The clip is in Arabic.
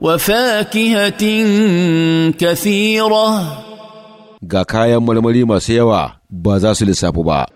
وفاكهة كثيرة ga kayan marmari masu yawa ba za su lissafu ba.